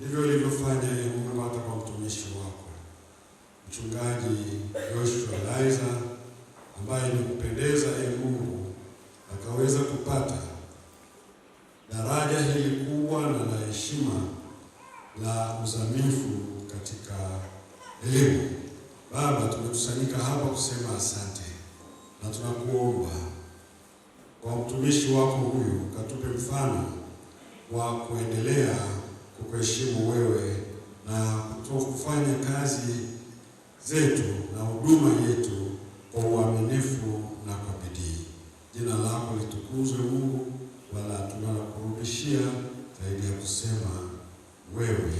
Ndivyo ilivyofanya Mungu hata kwa mtumishi wako Mchungaji Joshua Laizer ambaye ni e Mungu, akaweza kupata daraja hili kubwa na la heshima la uzamifu katika elimu. Baba, tumekusanyika hapa kusema asante na tunakuomba kwa mtumishi wako huyu, katupe mfano wa kuendelea kukuheshimu wewe na kufanya kazi zetu na huduma yetu kwa uaminifu na kwa bidii. Jina lako litukuzwe Mungu, wala hatuna kurudishia zaidi ya kusema wewe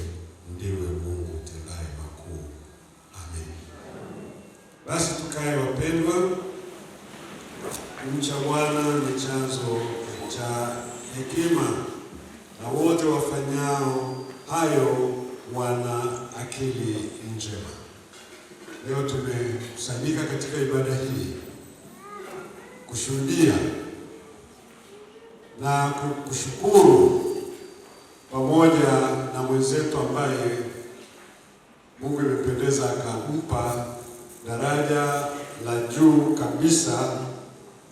ndiwe Mungu utendaye makuu. Amen. Basi tukae wapendwa. Kumcha Bwana ni chanzo cha hekima na wote wa hayo wana akili njema. Leo tumekusanyika katika ibada hii kushuhudia na kushukuru pamoja na mwenzetu ambaye Mungu imependeza akampa daraja la juu kabisa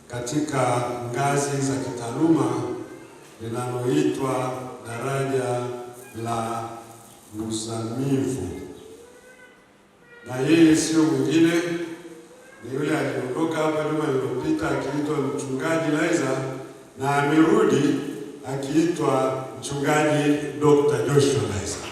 katika ngazi za kitaaluma linaloitwa daraja la uzamivu, na yeye sio mwingine, ni yule aliondoka hapa nyuma iliyopita akiitwa mchungaji Laiza na amerudi akiitwa mchungaji Dr. Joshua Laiza.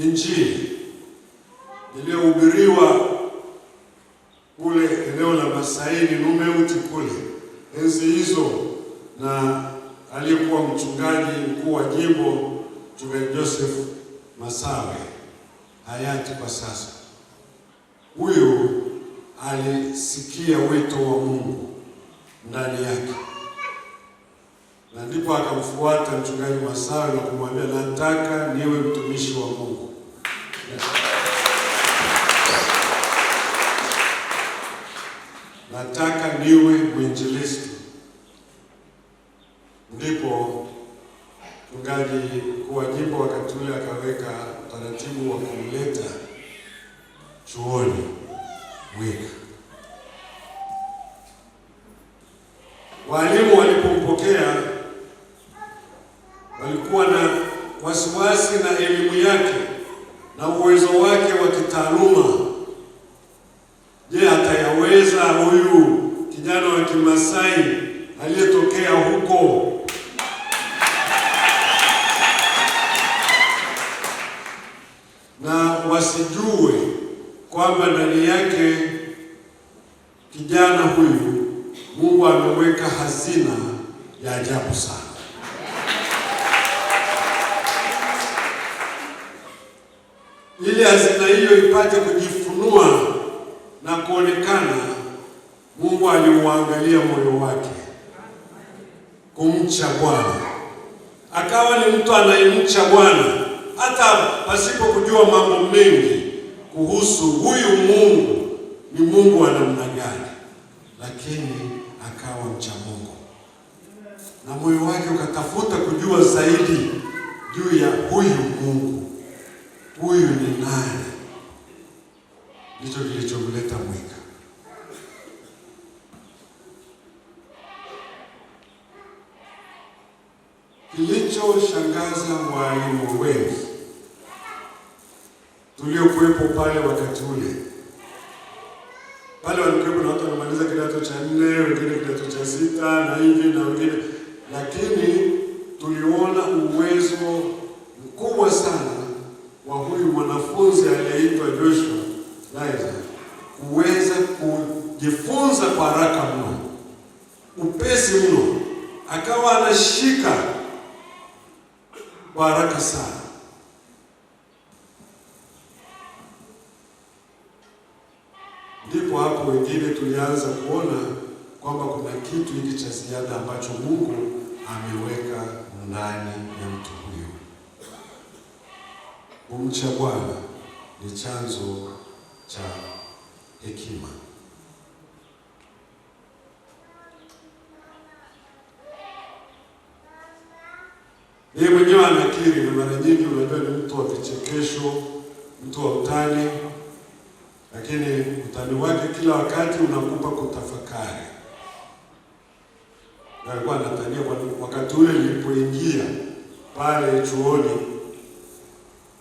Injili iliyohubiriwa kule eneo la Masaini Numeuti kule enzi hizo na aliyekuwa mchungaji mkuu wa jimbo Mchungaji Joseph Masawe hayati kwa sasa, huyo alisikia wito wa Mungu ndani yake ndipo akamfuata mchungaji Masawe na kumwambia nataka niwe mtumishi wa Mungu. Nataka niwe mwinjilisti. Ndipo mchungaji mkuu jimbo wakati ule akaweka utaratibu wa kumleta chuoni Mwika. Walimu walipompokea kiasi na elimu yake na uwezo wake wa kitaaluma maana hata kujua mambo mengi kuhusu huyu Mungu ni Mungu wa namna gani, lakini akawa mcha Mungu na moyo wake ukatafuta kujua zaidi juu ya huyu Mungu, huyu ni nani? Ndicho kilichomleta Mwika. Kilichoshangaza walimu wengi tuliokuwepo pale wakati ule pale, walikuwepo na watu wanamaliza kidato cha nne, wengine kidato cha sita na hivi na wengine, lakini tuliona uwezo mkubwa sana wa huyu mwanafunzi aliyeitwa Joshua Laizer kuweza kujifunza kwa haraka mno, upesi mno, akawa anashika kwa haraka sana. Ndipo hapo wengine tulianza kuona kwamba kuna kitu hiki cha ziada ambacho Mungu ameweka ndani ya mtu huyo. Kumcha Bwana ni chanzo cha hekima. Yeye mwenyewe anakiri, na mara nyingi unajua ni mtu wa vichekesho, mtu wa utani, lakini utani wake kila wakati unakupa kutafakari. Alikuwa anatania wakati ule nilipoingia pale chuoni,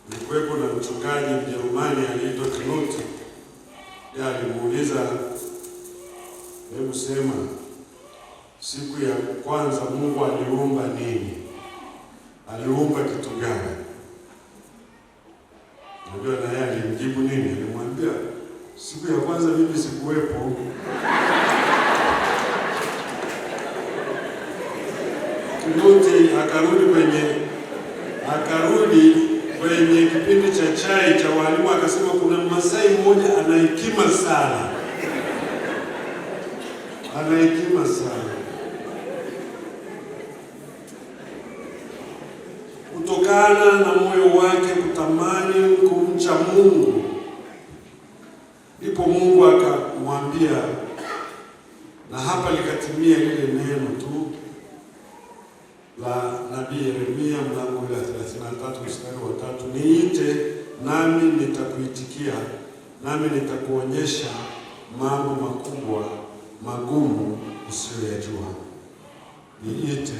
nilikuwepo na mchungaji Mjerumani aliitwa Knut. Yeye alimuuliza, hebu sema, siku ya kwanza Mungu aliumba nini? aliumba kitu gani? Unajua, naye alimjibu nini? Alimwambia, siku ya kwanza mimi sikuwepo. Luti akarudi kwenye akarudi kwenye kipindi cha chai cha walimu, akasema kuna Masai mmoja ana hekima sana, ana hekima sana kutokana na moyo wake kutamani kumcha Mungu. Ndipo Mungu akamwambia, na hapa likatimia lile neno tu la nabii Yeremia mlango wa 33 mstari wa tatu, niite nami nitakuitikia, nami nitakuonyesha mambo makubwa magumu usiyoyajua. Niite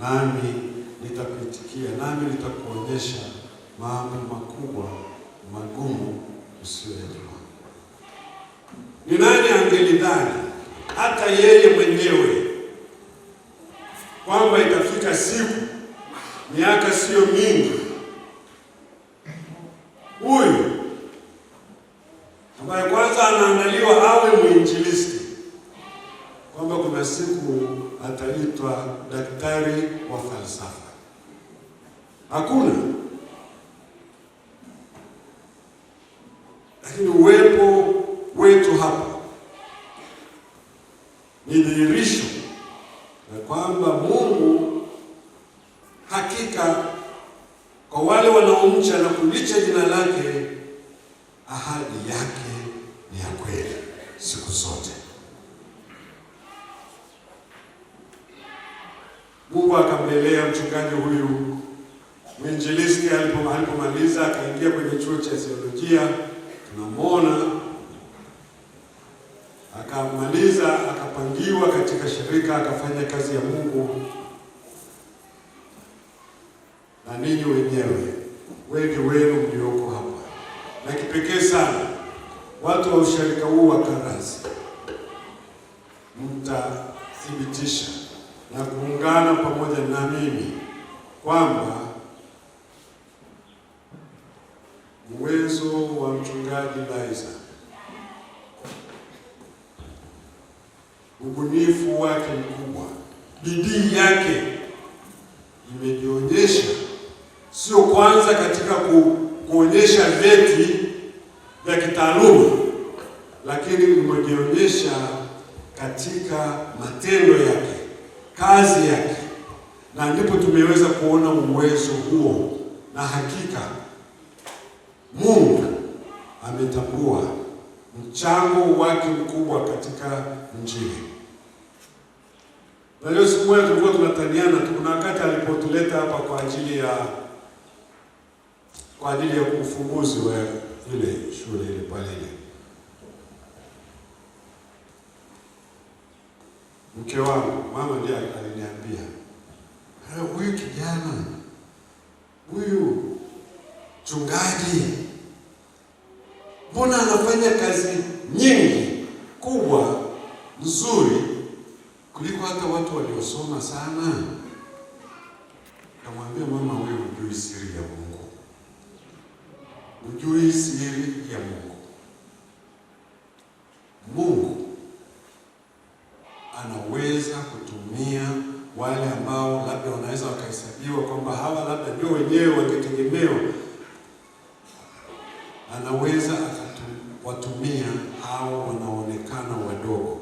nami nitakuitikia, nami nitakuonyesha mambo makubwa magumu usiyoyajua. Ni nani angelidhani hata yeye mwenyewe kwamba itafika siku, miaka siyo mingi, huyu ambaye kwanza anaandaliwa awe mwinjilisti, kwamba kuna siku ataitwa daktari wa falsafa. А кури sana watu wa usharika huu wa Karanzi, mtathibitisha na kuungana pamoja na mimi kwamba uwezo wa mchungaji Laiza, ubunifu wake mkubwa, bidii yake hakika Mungu ametambua mchango wake mkubwa katika Injili. Na leo siku moja tulikuwa tunataniana tu, kuna wakati alipotuleta hapa kwa ajili ya kwa ajili ya ufunguzi wa ile shule ile pale ile, mke wangu mama ndiye aliniambia huyu kijana huyu chungaji mbona anafanya kazi nyingi kubwa nzuri kuliko hata watu waliosoma sana? Kamwambia mama, wewe hujui siri ya Mungu, hujui siri ya Mungu. Mungu wasomi wenyewe wangetegemewa, anaweza akawatumia hao wanaonekana wadogo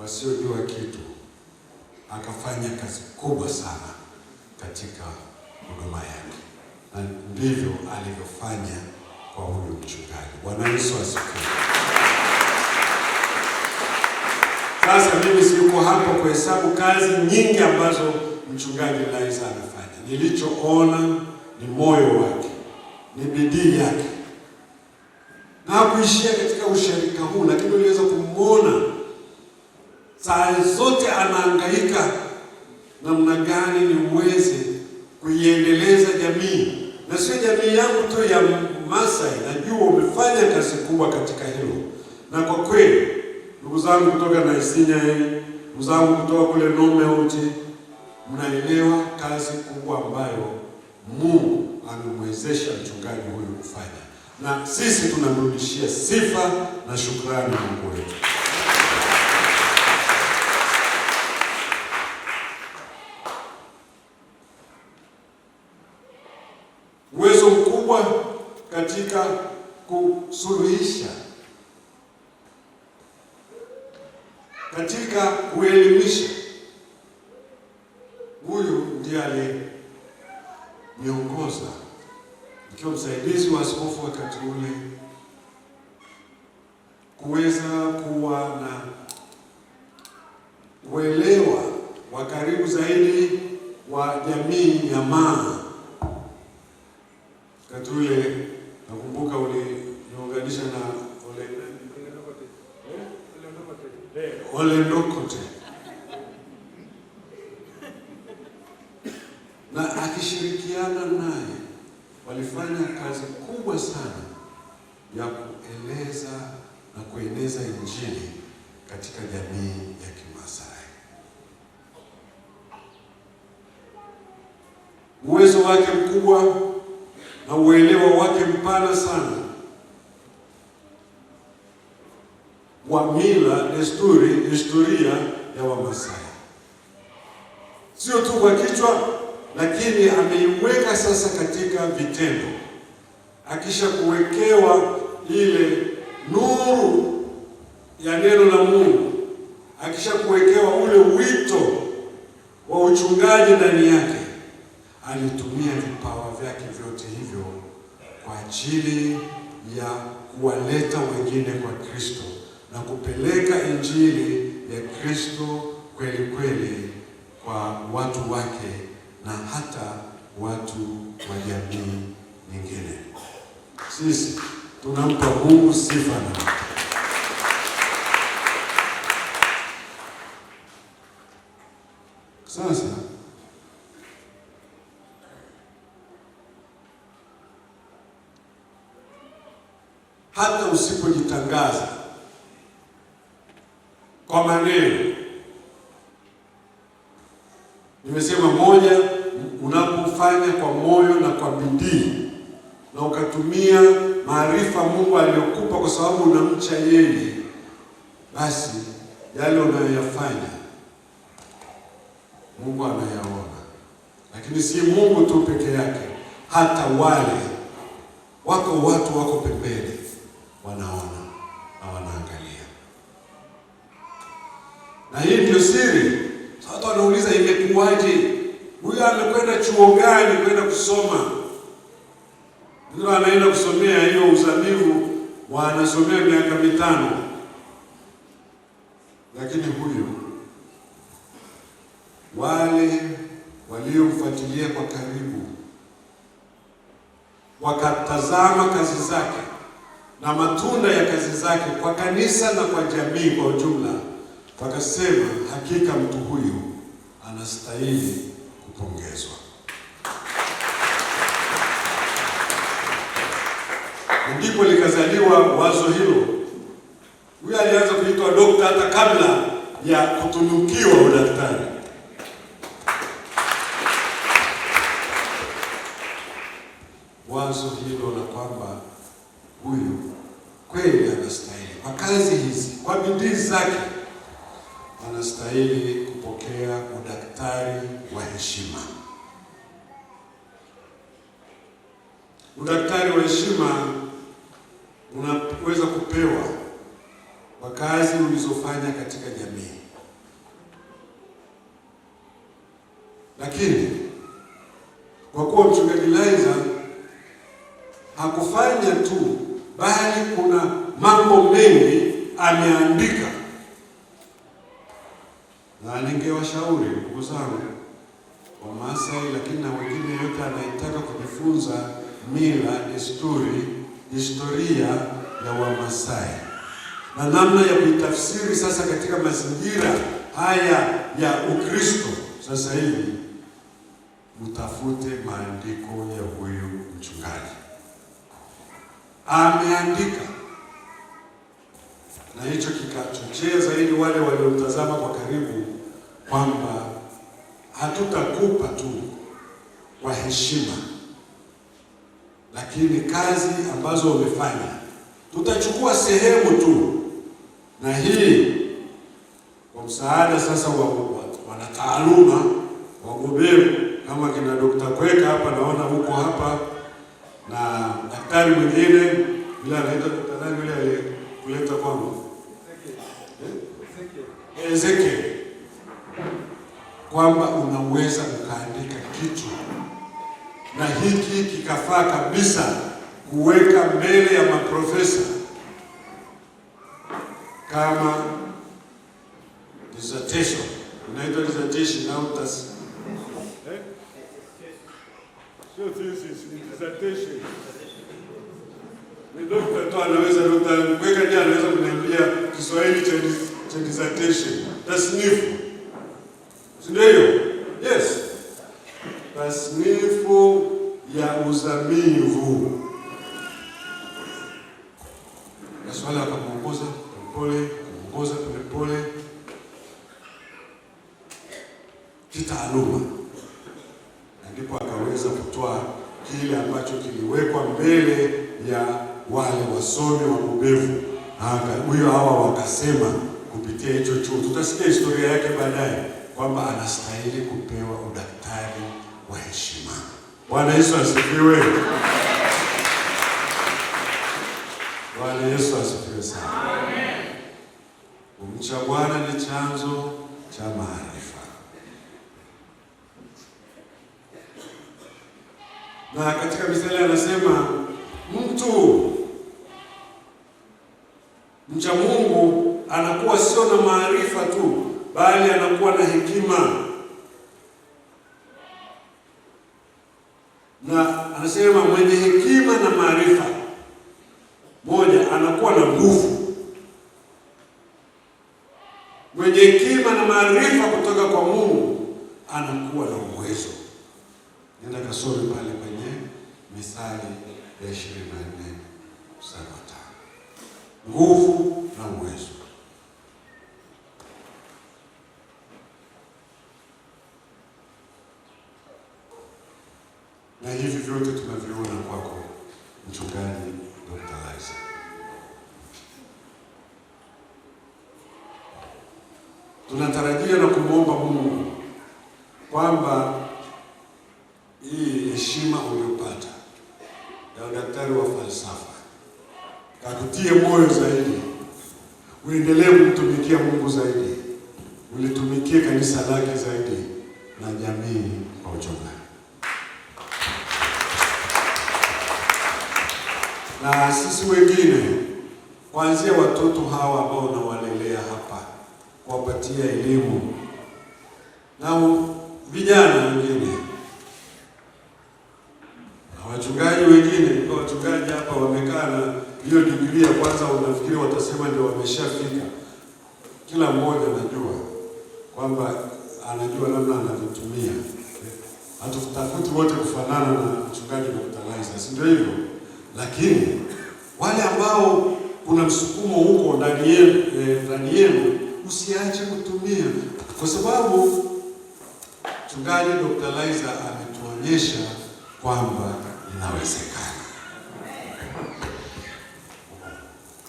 wasiojua kitu, akafanya kazi kubwa sana katika huduma yake, na ndivyo alivyofanya kwa huyu mchungaji. Bwana Yesu asifiwe. Sasa mimi siko hapa kuhesabu kazi nyingi ambazo mchungaji Laizer anafanya nilichoona ni moyo wake, ni bidii yake, na kuishia katika ushirika huu, lakini uliweza kumwona saa zote anahangaika namna gani niweze kuiendeleza jamii na sio jamii yangu tu ya Masai. Najua umefanya kazi kubwa katika hilo, na kwa kweli ndugu zangu kutoka Naisinya, ndugu zangu kutoka kule Nome Uti mnaelewa kazi kubwa ambayo Mungu amemwezesha mchungaji huyu kufanya, na sisi tunamrudishia sifa na shukrani Mungu wetu. Uwezo mkubwa katika kusuluhisha, katika kuelimisha niongoza nikiwa msaidizi wa askofu wakati ule kuweza kuwa na uelewa wa karibu zaidi wa jamii ya Maa. Wakati ule nakumbuka uliniunganisha na Ole Ndoko akishakuwekewa ule wito wa uchungaji ndani yake, alitumia vipawa vyake vyote hivyo kwa ajili ya kuwaleta wengine kwa Kristo na kupeleka injili ya Kristo kweli kweli kwa watu wake na hata watu wa jamii nyingine. Sisi tunampa Mungu sifa na kutangaza kwa maneno. Nimesema moja, unapofanya kwa moyo na kwa bidii na ukatumia maarifa Mungu aliyokupa kwa sababu unamcha yeye, basi yale unayoyafanya Mungu anayaona. Lakini si Mungu tu peke yake, hata wale wako watu wako pembeni wanaona hawanaangalia. na hii ndio siri. watu wanauliza imekuwaje, huyo amekwenda chuo gani kwenda kusoma? Ndio anaenda kusomea hiyo uzamivu, wanasomea miaka mitano, lakini huyo wale waliomfuatilia kwa karibu wakatazama kazi zake na matunda ya kazi zake kwa kanisa na kwa jamii kwa ujumla, wakasema hakika mtu huyu anastahili kupongezwa. Ndipo likazaliwa wazo hilo. Huyu alianza kuitwa dokta hata kabla ya kutunukiwa udaktari. kweli anastahili kwa kazi hizi, kwa bidii zake, anastahili kupokea udaktari wa heshima. Udaktari wa heshima unaweza kupewa kwa kazi ulizofanya katika jamii, lakini kwa kuwa mchungaji Laizer hakufanya tu bali kuna mambo mengi ameandika, na ningewashauri ndugu zangu wa Masai, lakini na wengine yote anayetaka kujifunza mila, desturi, historia ya Wamasai na namna ya kuitafsiri sasa katika mazingira haya ya Ukristo sasa hivi, mtafute maandiko ya huyu mchungaji ameandika, na hicho kikachochea zaidi wale waliomtazama kwa karibu kwamba hatutakupa tu kwa heshima, lakini kazi ambazo umefanya tutachukua sehemu tu, na hii kwa msaada sasa wa wanataaluma wa kama kina Dokta Kweka hapa, naona huko hapa na daktari mwingine bila anaitwa tutadai yule alikuleta kwangu eh? Ezekiel, kwamba unaweza ukaandika kitu na hiki kikafaa kabisa kuweka mbele ya maprofesa kama dissertation, unaitwa dissertation au tasi Sio thesis, ni presentation. Ni doctor tu anaweza doctor mweka jana anaweza kuniambia Kiswahili cha cha dissertation. Tasnifu. Ndio Yes. Tasnifu ya uzamivu. Yesu asifiwe. Bwana Yesu asifiwe sana. Amen. Kumcha Bwana ni chanzo cha maarifa, na katika Mithali anasema mtu mcha Mungu anakuwa sio na maarifa tu, bali anakuwa na hekima anasema mwenye hekima na maarifa Mungu kwamba hii heshima uliyopata ya udaktari wa falsafa kakutie moyo zaidi, uendelee kumtumikia Mungu zaidi, ulitumikie kanisa lake zaidi na jamii kwa ujumla. Na sisi wengine kuanzia watoto hawa ambao unawalelea hapa, kuwapatia elimu na vijana wengine na wachungaji wengine. Kwa wachungaji hapa wamekaa na hiyo Biblia, kwanza, unafikiri watasema ndio wameshafika. Kila mmoja anajua kwamba anajua namna anavyotumia. Hatutafuti wote kufanana na mchungaji Dr. si ndio hivyo? Lakini wale ambao kuna msukumo huko ndani yenu, eh, usiache kutumia kwa sababu Mchungaji Dr. Liza ametuonyesha kwamba inawezekana.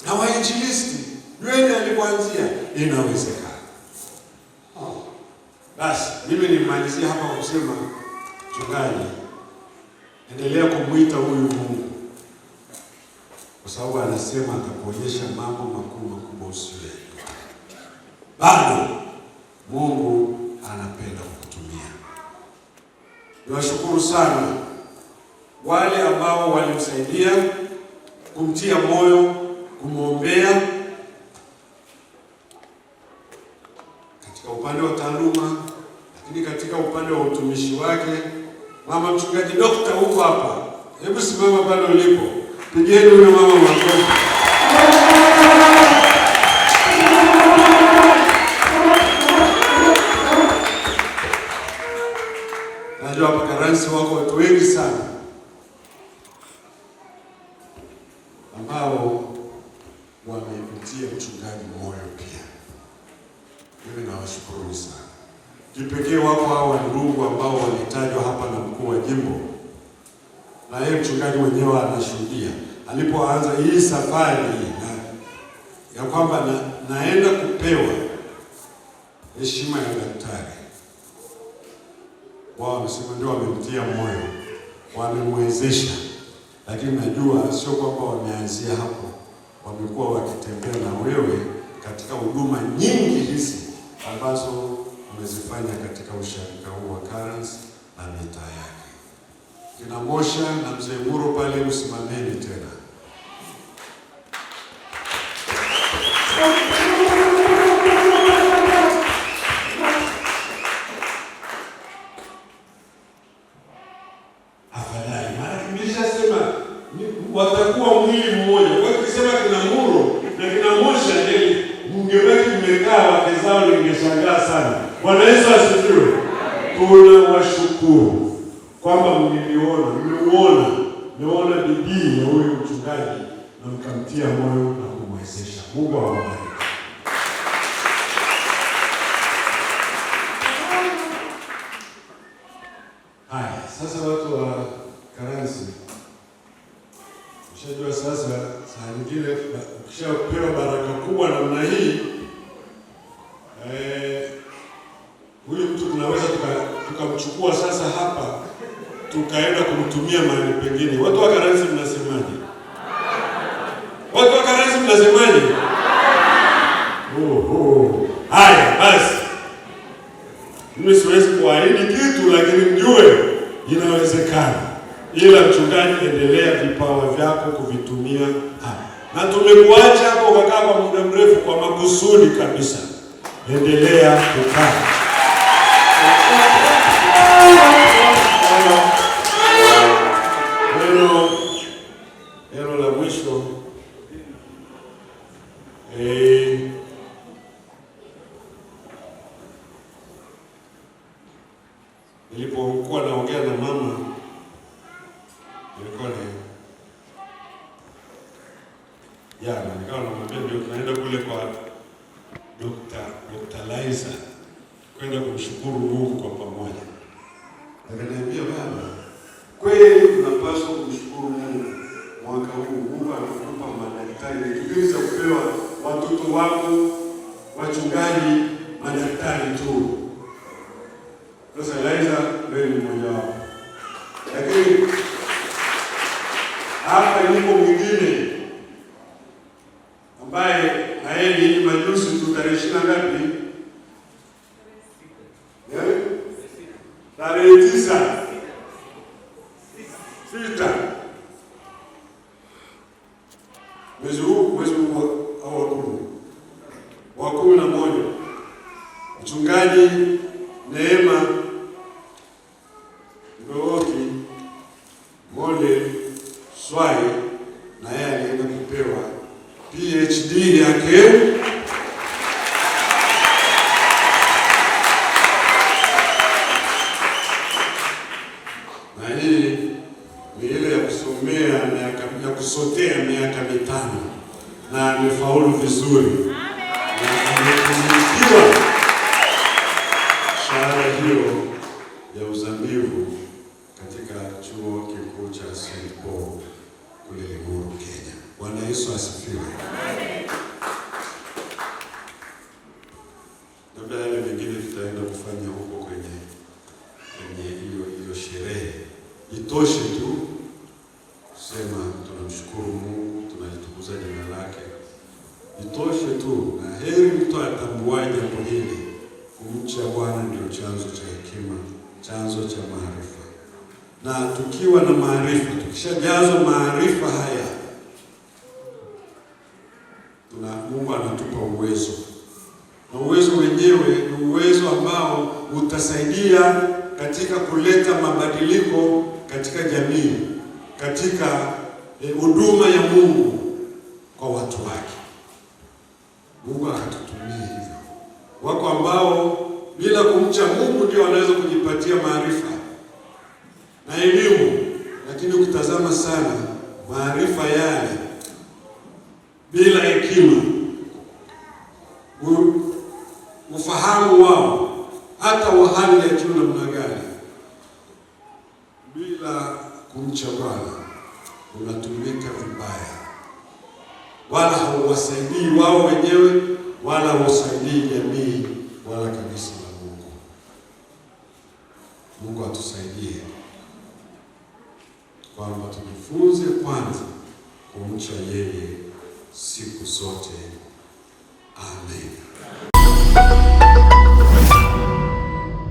Na wainjilisti Dwayne alikuanzia inawezekana. Oh. Basi mimi nimalizie hapa kwa kusema mchungaji, endelea kumwita huyu Mungu kwa sababu anasema atakuonyesha mambo makubwa makubwa usiyojua. Bado Mungu anapenda kukutumia. Niwashukuru sana wale ambao walimsaidia kumtia moyo, kumwombea katika upande wa taaluma, lakini katika upande wa utumishi wake. Mama mchungaji Dokta, huko hapa, hebu simama pale ulipo, pigeni huyo mama makofi. kuwafundisha, lakini najua sio kwamba wameanzia hapo, wamekuwa wakitembea na wewe katika huduma nyingi hizi ambazo umezifanya katika usharika huu wa Currents na mitaa yake. Kina Mosha na mzee Muro pale, usimameni tena na yeye ni majuzi tu tarehe ishirini na ngapi utulivu katika chuo kikuu cha St. Paul kule Limuru, Kenya. Bwana Yesu asifiwe. Labda yale mengine tutaenda kufanya huko kwenye kwenye hiyo hiyo sherehe. Itoshe. Ukishajazwa maarifa haya, tuna Mungu anatupa uwezo, na uwezo wenyewe ni uwezo ambao utasaidia katika kuleta mabadiliko katika jamii, katika eh, huduma e, ya Mungu kwa watu wake. Mungu akatutumia hivyo. Wako ambao bila kumcha Mungu ndio wanaweza kujipatia maarifa na elimu lakini ukitazama sana maarifa yale bila hekima, ufahamu wao hata wa hali ya juu namna